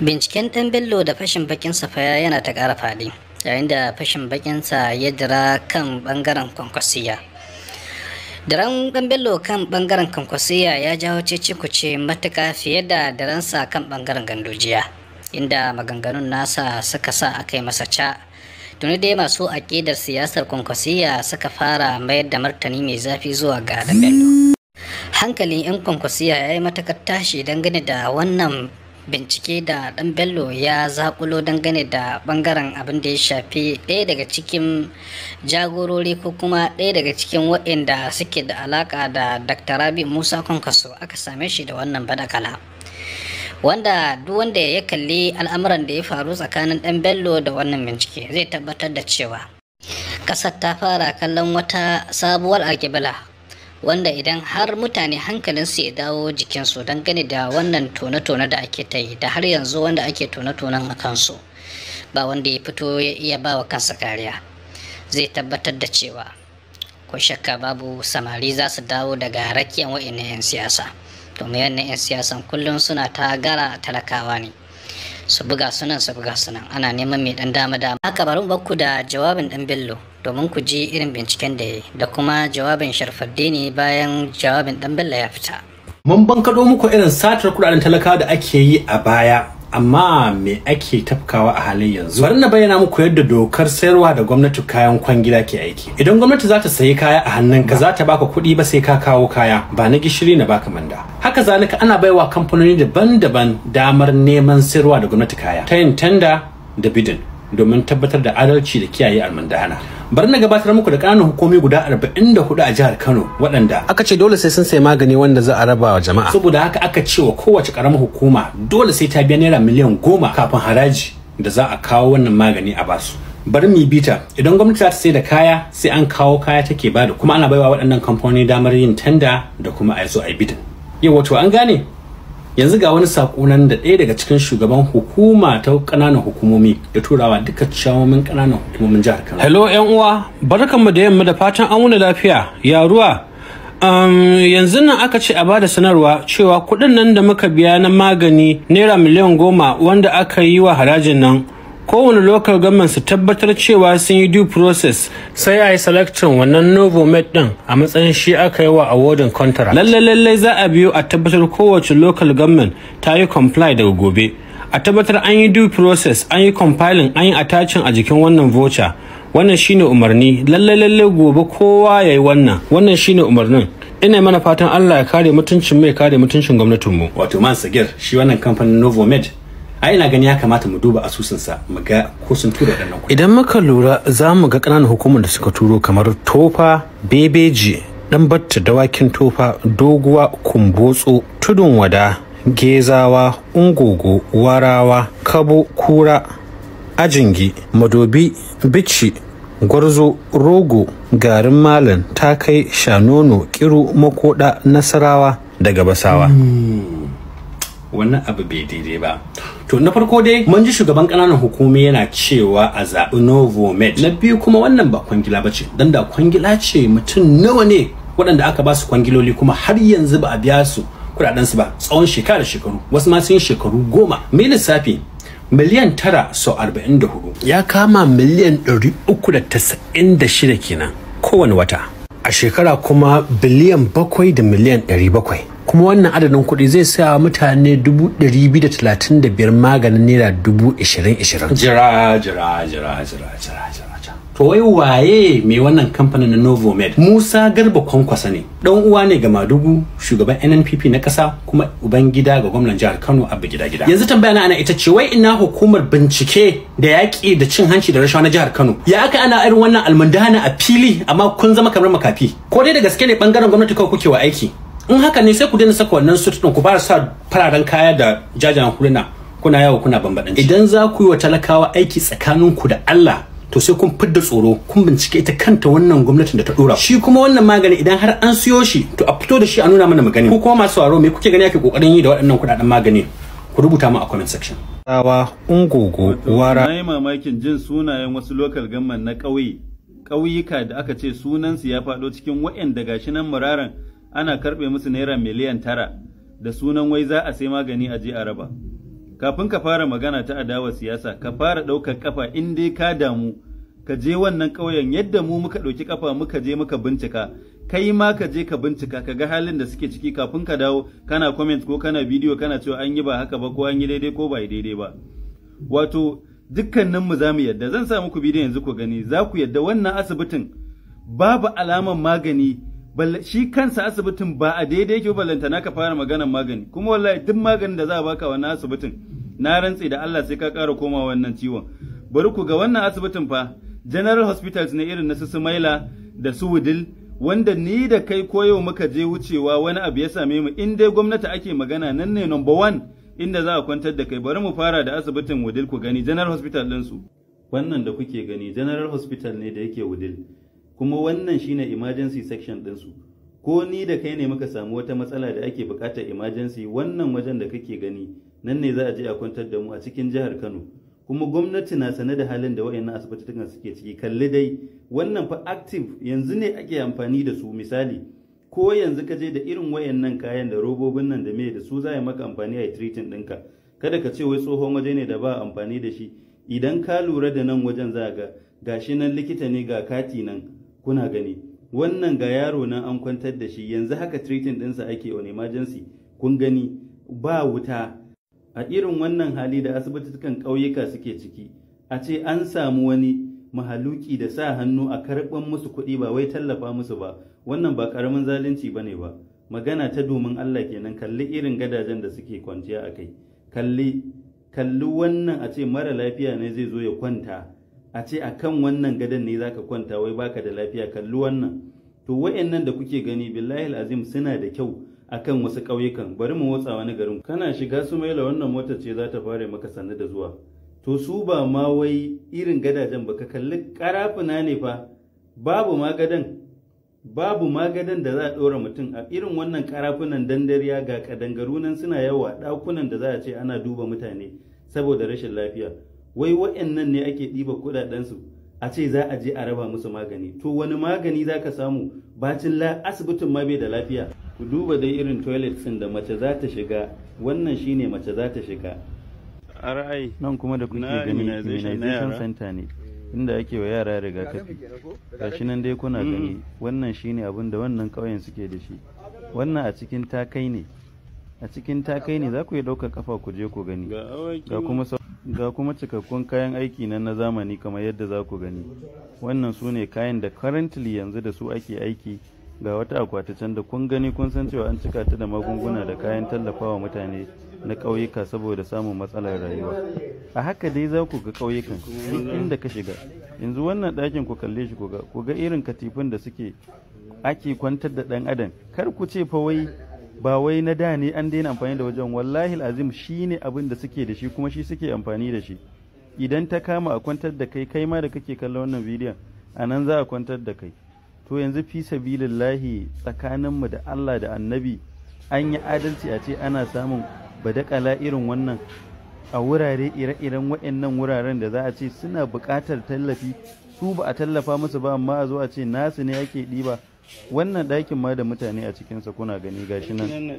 binciken ɗan bello da fashin bakin fa yana ta ƙara faɗi yayin da fashin bakinsa ya dira kan ɓangaren kwankwasiya daren ɗan bello kan ɓangaren kwankwasiya ya jawo cece ce matuƙa fiye da daransa kan ɓangaren gandojiya inda maganganun nasa suka sa aka yi masa ca tuni dai masu aƙidar siyasar kwankwasiya suka fara mayar da martani mai zafi zuwa ga ɗan bello hankalin 'yan kwankwasiya ya yi matakar tashi dangane da wannan bincike da dan bello ya zakulo dangane da bangaren abin da ya shafi ɗaya daga cikin jagorori ko kuma ɗaya daga cikin waɗanda suke da alaka da dr rabi musa kwankwaso aka same shi da wannan badakala wanda duk wanda ya kalli al'amuran da ya faru tsakanin dan bello da wannan bincike zai tabbatar da cewa ƙasar ta fara kallon wata sabuwar alkibila wanda idan har mutane hankalinsu ya dawo jikinsu gani da wannan tone-tone da ake ta yi da har yanzu wanda ake tone-tonen a kansu ba wanda ya fito ya iya ba wa kansa kariya zai tabbatar da cewa ko shakka babu samari za su dawo daga rakiyan wa'annan 'yan siyasa domin wannan 'yan siyasan kullum suna ta gara talakawa ne su buga sunan su buga sunan ana neman mai dan dama dama haka bari bakku da jawabin dan bello domin ku ji irin binciken da ya da kuma jawabin ne bayan jawabin dan bella ya fita mun bankado muku irin satar kudaden talakawa da ake yi a baya amma me ake tafkawa a halin yanzu bari na bayyana muku yadda dokar sayarwa da gwamnati kayan kwangila ke aiki idan gwamnati za ta sayi kaya a hannunka za ta baka kuɗi ba sai ka kawo kaya ba na gishiri na baka manda haka zalika ana baiwa kamfanoni daban-daban damar neman sayarwa da gwamnati kaya ta yin tanda da bidin domin tabbatar da adalci da kiyaye almandahana bari na gabatar muku da ƙananan hukumi guda 44 a jihar Kano waɗanda aka ce dole sai sun sai magani wanda za a raba wa jama'a saboda haka aka ce wa kowace ƙaramar hukuma dole sai ta biya naira miliyan goma kafin haraji da za a kawo wannan magani a basu bari mu bita idan gwamnati ta sai da kaya sai an kawo kaya take bada kuma ana baiwa waɗannan kamfanoni damar yin tanda da kuma a zo a yi bidin yau wato an gane yanzu ga wani sako nan da ɗaya daga cikin shugaban hukuma ta ƙananan hukumomi da turawa duka ciyawomin ƙananan hukumomin jihar Kano. Hello ƴan uwa, barkanmu da yamma da fatan an wuni lafiya. Ya ruwa. Um, yanzu nan aka ce a ba da sanarwa cewa kuɗin nan da muka biya na magani naira miliyan goma wanda aka yi wa harajin nan kowane lokal government su tabbatar cewa sun yi due process sai a yi selection wannan novo med din a matsayin shi aka yi wa awardin contract lalle lalle za a biyo a tabbatar kowace lokal government ta yi comply daga gobe a tabbatar an yi due process an yi compiling an yi attachin a jikin wannan voucher wannan shine umarni lalle lalle gobe kowa ya yi wannan wannan shine umarnin ina mana fatan Allah ya kare mutuncin mai kare mutuncin gwamnatinmu wato man sagir shi wannan kamfanin med a ina gani ya kamata mu duba asusunsa mu ga ko sun tura waɗannan kuɗi idan muka lura za mu ga ƙananan hukumar da suka turo kamar tofa bebeji dan batta dawakin tofa doguwa kumbotso tudun wada gezawa ungogo warawa kabo kura ajingi madobi bici gwarzo rogo garin malam takai shanono kiru makoda nasarawa daga basawa hmm. wannan abu bai daidai ba to na farko dai mun ji shugaban kananan hukumi yana cewa a zaɓi Med. na biyu kuma wannan ba kwangila ba ce don da kwangila ce mutum nawa ne waɗanda aka ba su kwangiloli kuma har yanzu ba a biya su su ba tsawon shekara da shekaru wasu ma sun shekaru goma mai lissafi miliyan tara sau arba'in da hudu ya kama miliyan ɗari uku da tasa'in da shida kenan kowane wata a shekara kuma biliyan bakwai da miliyan ɗari bakwai kuma wannan adadin kuɗi zai sa mutane 235 maganin naira 20,020 jira jira jira jira jira jira to wai waye mai wannan kamfanin na novomed musa garba kwankwasa ne dan uwa ne ga madugu shugaban nnpp na ƙasa kuma uban gida ga gwamnan jihar kano abu gida gida yanzu tambaya na ana ita ce wai ina hukumar bincike da yaƙi da cin hanci da rashawa na jihar kano ya aka ana irin wannan almundana a fili amma kun zama kamar makafi ko dai da gaske ne bangaren gwamnati kawai kuke wa aiki in haka ne sai ku daina saka wannan suit din ku ba sa fararen kaya da jajan huluna kuna yawo kuna bambadanci idan za ku yi wa talakawa aiki tsakanin ku da Allah to sai kun fidda tsoro kun bincike ita kanta wannan gwamnatin da ta dora shi kuma wannan magani idan har an siyo shi to a fito da shi a nuna mana magani ku kuma masu waro me kuke gani ake kokarin yi da waɗannan kuɗaɗen magani ku rubuta mu a comment section tawa ungogo wara nayi mamakin jin sunayen wasu local government na ƙauye ƙauyuka da aka ce sunansu ya faɗo cikin waɗanda gashi nan muraran ana karɓe musu naira miliyan tara da sunan wai za a sai magani a je a raba kafin ka fara magana ta adawa siyasa ka fara ɗaukar kafa in dai ka damu ka je wannan ƙauyen yadda mu muka ɗauki kafa muka je muka bincika kai ma ka je ka bincika ka ga halin da suke ciki kafin ka dawo kana comment ko kana bidiyo kana cewa an yi ba haka ba ko an yi daidai ko ba yi daidai ba wato dukkanin mu za mu yadda zan sa muku bidiyo yanzu ku gani za ku yadda wannan asibitin babu alaman magani shi kansa asibitin ba a daidai yake ballanta na ka fara maganan magani kuma wallahi duk maganin da za a baka wannan asibitin na rantse da Allah sai ka ƙara koma wannan ciwon bari ku ga wannan asibitin fa general hospitals ne irin na su Sumaila da su Wudil wanda ni da kai koyo muka je wucewa wani abu ya same mu in dai gwamnati ake magana nan ne number one inda za a kwantar da kai bari mu fara da asibitin Wudil ku gani general hospital ɗinsu wannan da kuke gani general hospital ne da yake Wudil kuma wannan shine emergency section ɗinsu ko ni da kai ne muka samu wata matsala da ake buƙatar emergency wannan wajen da kake gani nan ne za a je a kwantar da mu a cikin jihar Kano kuma gwamnati na sane da halin da wayannan asibitotukan suke ciki kalli dai wannan fa active yanzu ne ake amfani da su misali ko yanzu ka je da irin wayannan kayan da robobin nan da me da su za a maka amfani a treating ɗinka kada ka ce wai tsohon waje ne da ba amfani da shi idan ka lura da nan wajen za ga gashi nan likita ne ga kati nan kuna gani wannan ga yaro nan an kwantar da shi yanzu haka treating ɗinsa ake on emergency kun gani ba wuta a irin wannan hali da asibitukan ƙauyuka suke ciki a ce an samu wani mahaluki da sa hannu a karɓar musu kuɗi ba wai tallafa musu ba wannan ba ƙaramin zalunci ba ne ba magana ta domin Allah kenan kalli irin gadajen da suke kwanciya a kai kalli wannan a ce mara lafiya ne zai zo ya kwanta a ce a kan wannan gadon ne zaka kwanta wai baka da lafiya kalli wannan to wayannan da kuke gani billahi azim suna da kyau akan wasu ƙauyukan bari mu motsa wani garin kana shiga su maila wannan motar ce za ta fara maka sannu da zuwa to su ba ma wai irin gadajen ba ka kalli Ƙarafuna ne fa babu ma gadon babu ma gadon da za a ɗora mutum a irin wannan karafunan dandariya ga kadangaru nan suna yawa ɗakunan da za a ce ana duba mutane saboda rashin lafiya wai wa'annan ne ake ɗiba kuɗaɗensu a ce za a je a raba musu magani to wani magani za ka samu bacin la asibitin ma bai da lafiya ku duba dai irin toilet sun da mace za ta shiga wannan shine mace za ta shiga ra'ayi nan kuma da kuke gani immunization center ne inda ake wa yara rigakafi gashi nan dai kuna mm. gani wannan shine abin da wannan ƙauyen suke da shi wannan a cikin takai ne a cikin takai ne za ku yi ɗaukar kafa ku je ku gani ga kuma ga kuma cikakkun kayan aiki nan na zamani kamar yadda za ku gani wannan su ne kayan da currently yanzu da su ake aiki ga wata akwati da kun gani kun san cewa an cika ta da magunguna da kayan tallafawa mutane na ƙauyuka saboda samun matsalar rayuwa a haka dai za ku ga ƙauyukan inda ka shiga yanzu wannan ɗakin ku kalle shi ku ga irin katifin da suke ake kwantar da ɗan adam kar ku ce fa wai ba wai na da ne an daina amfani da wajen wallahi azim shi ne abin da suke da shi kuma shi suke amfani da shi idan ta kama a kwantar da kai kai ma da kake kallon wannan bidiyon a nan za a kwantar da kai to yanzu fi sabilillahi tsakaninmu da Allah da annabi an yi adalci a ce ana samun badakala irin wannan a wurare ire-iren waɗannan wuraren da za a ce suna buƙatar tallafi su ba a tallafa musu ba amma a zo a ce nasu ne ake ɗiba wannan ɗakin ma da mutane a cikinsa kuna gani gashi nan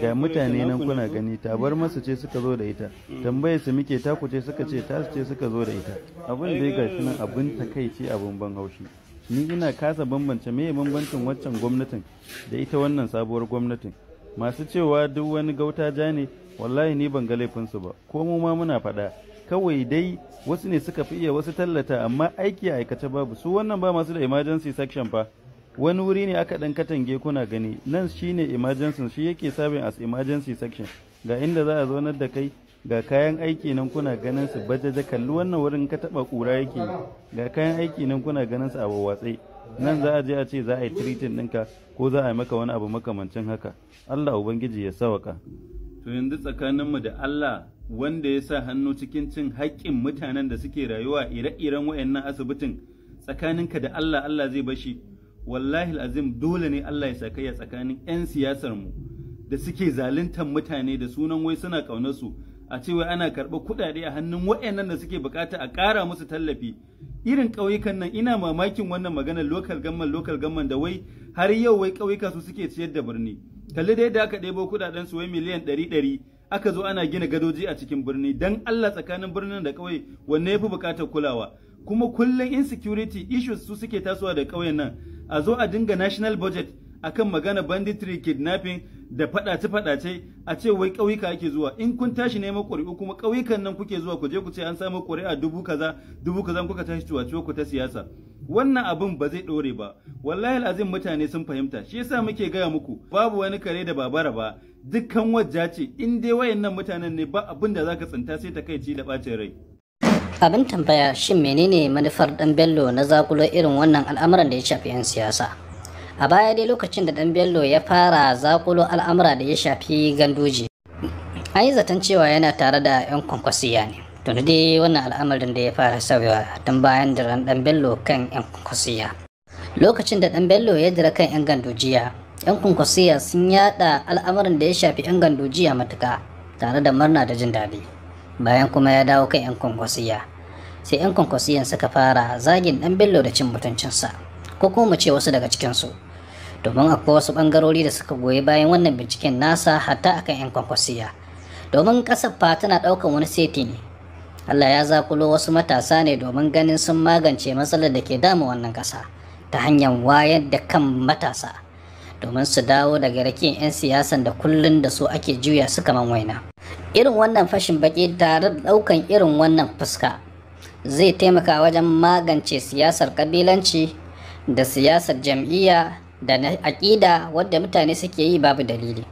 ga mutane nan kuna gani tabar masu ce suka zo da ita mm. tambaye su muke taku ce suka ce tasu ce suka zo da ita abin da ya gashi nan abin takaici abin ban haushi ni ina kasa bambance meye bambancin waccan gwamnatin da ita wannan sabuwar gwamnatin masu cewa duk wani gauta ja ne wallahi ni ban ga laifinsu ba ko mu ma muna faɗa kawai dai wasu ne suka fi iya wasu tallata amma aiki a aikace babu su wannan ba masu da emergency section fa wani wuri ne aka dan katange kuna gani nan shine emergency shi yake sabin as emergency section ga inda za a zaunar da kai ga kayan aiki nan kuna ganin su bajaja kalli wannan wurin ka taba kura yake ga kayan aiki nan kuna ganin su a watsai nan za a je a ce za a yi treating ɗinka ko za a yi maka wani abu makamancin haka Allah ubangiji ya sawaka to yanzu tsakaninmu da Allah wanda ya sa hannu cikin cin haƙƙin mutanen da suke rayuwa ire-iren wayannan asibitin tsakaninka da Allah Allah zai bashi wallahi azim dole ne Allah ya saka ya tsakanin 'yan siyasar mu da suke zaluntar mutane da sunan wai suna ƙaunar su a cewa ana karɓar kuɗaɗe a hannun waɗannan da suke bukata a ƙara musu tallafi irin ƙauyukan nan ina mamakin wannan magana lokal gamman lokal gamman da wai har yau wai ƙauyuka su suke ciyar da birni kalli da aka ɗebo kuɗaɗen su wai miliyan ɗari ɗari aka zo ana gina gadoji a cikin birni dan Allah tsakanin birnin da ƙauye wanne fi bukatar kulawa kuma kullum insecurity issues su suke tasowa da ƙauyen nan a zo a dinga national budget akan magana banditry kidnapping da fadace-fadace a ce wai ƙauyuka ake zuwa in kun tashi neman kuri'u kuma ƙauyukan nan kuke zuwa ku je ku ce an samu kuri'a dubu kaza dubu kaza kuka tashi ciwo ku ta siyasa wannan abin ba zai ɗore ba wallahi azim mutane sun fahimta shi yasa muke gaya muku babu wani kare da babara ba dukkan wajja ce in dai wayannan mutanen ne ba abin da zaka tsinta sai ta kai ci da ɓacin rai abin tambaya shin menene manufar dan bello na zakulo irin wannan al'amuran da ya shafi 'yan siyasa a baya dai lokacin da dan bello ya fara zakulo al'amura da ya shafi ganduji an yi zaton cewa yana tare da 'yan kwankwasiya ne tuni dai wannan al'amarin da ya fara sauyawa tun bayan da dan bello kan 'yan kwankwasiya lokacin da dan bello ya jira kan 'yan gandujiya 'yan kwankwasiya sun yada al'amarin da ya shafi 'yan gandujiya matuka tare da murna da jin daɗi bayan kuma ya dawo kan 'yan kwankwasiya sai 'yan kwankwasiyan suka fara zagin dan bello da cin mutuncinsa ko kuma ce wasu daga cikinsu domin akwai wasu bangarori da suka goyi bayan wannan binciken nasa hatta akan 'yan kwankwasiya domin kasar fa tana daukan wani seti ne allah ya zakulo wasu matasa ne domin ganin sun magance matsalar da ke damu wannan kasa ta hanyar wayar da kan matasa domin su dawo daga rakin 'yan siyasan da kullun da su ake juya su kaman waina irin wannan fashin baki tare da ɗaukan irin wannan fuska zai taimaka wajen magance siyasar kabilanci da siyasar jam'iyya da na aƙida wadda mutane suke yi babu dalili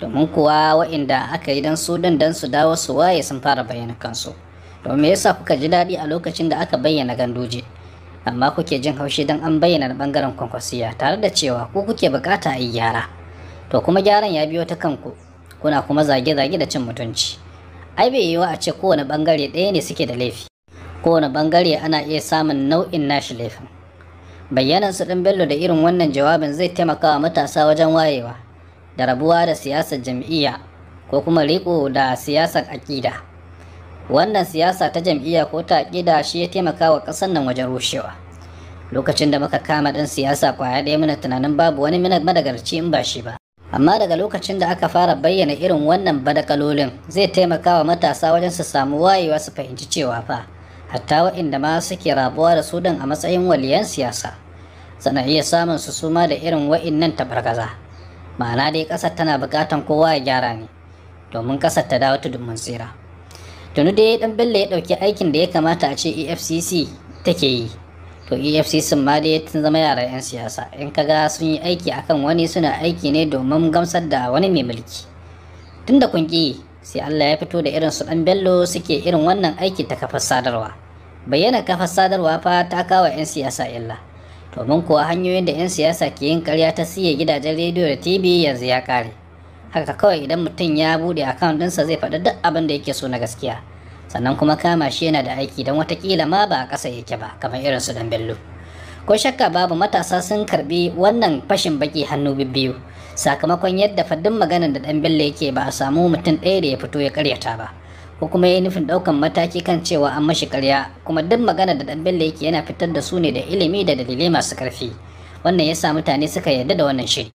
domin kuwa wa'inda aka yi don su don su dawo su waye sun fara bayyana kansu domin me yasa kuka ji daɗi a lokacin da aka bayyana ganduje amma kuke jin haushi don an bayyana bangaren kwankwasiya tare da cewa ku kuke bukata a yi gyara to kuma gyaran ya biyo ta kanku kuna kuma zage-zage da cin mutunci ai bai yiwu a ce kowane bangare ɗaya ne suke da laifi kowane bangare ana iya samun nau'in nashi laifin bayyanan su ɗin bello da irin wannan jawabin zai taimaka wa matasa wajen wayewa da rabuwa da siyasar jam'iyya ko kuma riko da siyasar aƙida wannan siyasa ta jam'iyya ko ta aƙida shi ya taimaka wa ƙasar nan wajen rushewa lokacin da muka kama ɗan siyasa kwaya ɗaya muna tunanin babu wani madagarci in ba shi ba amma daga lokacin da aka fara bayyana irin wannan badakalolin zai taimaka wa matasa wajen su samu wayewa su fahimci cewa fa hatta waɗanda ma suke rabuwa da su a matsayin waliyan siyasa sana iya samun su suma da irin wa'innan tabargaza ma'ana dai ƙasar tana buƙatan kowa ya gyara ne domin ƙasar ta dawo ta dumin tsira Tunu dai dan bello ya ɗauki aikin da ya kamata a ce efcc take yi to efcc ma dai tun zama yara 'yan siyasa in kaga sun yi aiki akan wani suna aiki ne domin gamsar da wani mai mulki tun da kunki sai allah ya fito da irin su dan bello suke irin wannan aiki ta kafar sadarwa bayyana kafar sadarwa fa ta kawo 'yan siyasa illa domin kuwa hanyoyin da 'yan siyasa ke yin karya ta siya gidajen rediyo da tv yanzu ya kare haka kawai idan mutum ya bude akawun ɗinsa zai faɗi duk abin da yake so na gaskiya sannan kuma kama shi yana da aiki don watakila ma ba a ƙasa yake ba kamar irin su dan bello ko shakka babu matasa sun karbi wannan fashin baki hannu biyu sakamakon yadda faddin maganar da dan bello yake ba a samu mutum ɗaya da ya fito ya karyata ba ko kuma ya nufin ɗaukan mataki kan cewa an mashi karya kuma duk maganar da dan bello yake yana fitar da su ne da ilimi da dalilai masu karfi wannan yasa mutane suka yarda da wannan shiri